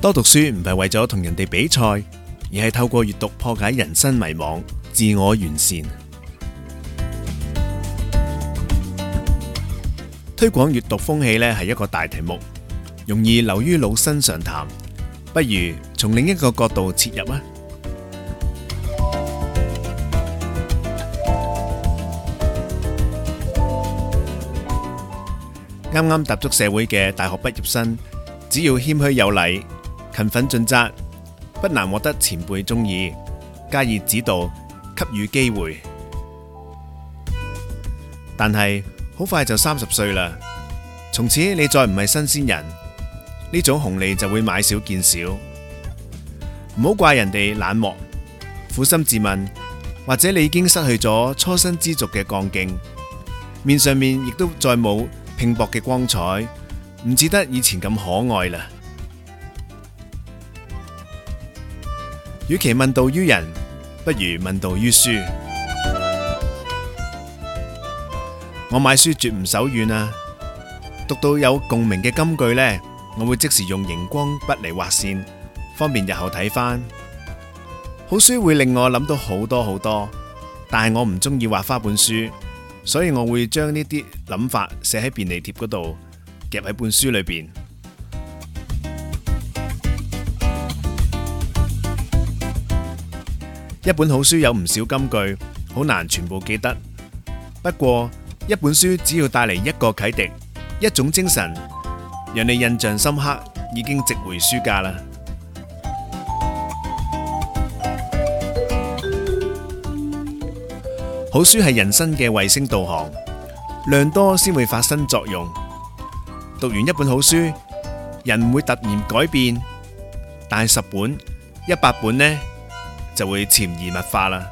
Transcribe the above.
多讀書唔係為咗同人哋比賽，而係透過閱讀破解人生迷惘，自我完善。 推廣閱讀風氣呢係一個大題目，容易流於老生常談，不如從另一個角度切入啊！啱啱， 踏足社會嘅大學畢業生，只要謙虛有禮，勤奮盡責，不難獲得前輩中意，加以指導，給予機會。但係好快就三十歲啦，從此你再唔係新鮮人，呢種紅利就會買少見少。唔好怪人哋冷漠，撫心自問，或者你已經失去咗初生之犢嘅幹勁，面上面亦都再冇拼搏嘅光彩，唔似得以前咁可愛啦。與其問道於人，不如問道於書。我買書絕唔手軟啊！讀到有共鳴嘅金句呢，我會即時用熒光筆嚟劃線，方便日後睇返。好書會令我諗到好多好多，但係我唔中意畫花本書，所以我會將呢啲諗法寫喺便利貼嗰度，夾喺本書裏面。一本好書有唔少金句，好難全部記得。不過，一本書只要帶嚟一個啟迪、一種精神，讓你印象深刻，已經值回書價啦。好書係人生嘅衛星導航，量多先會發生作用。讀完一本好書，人唔會突然改變，但係十本、一百本呢？就會潛移默化啦。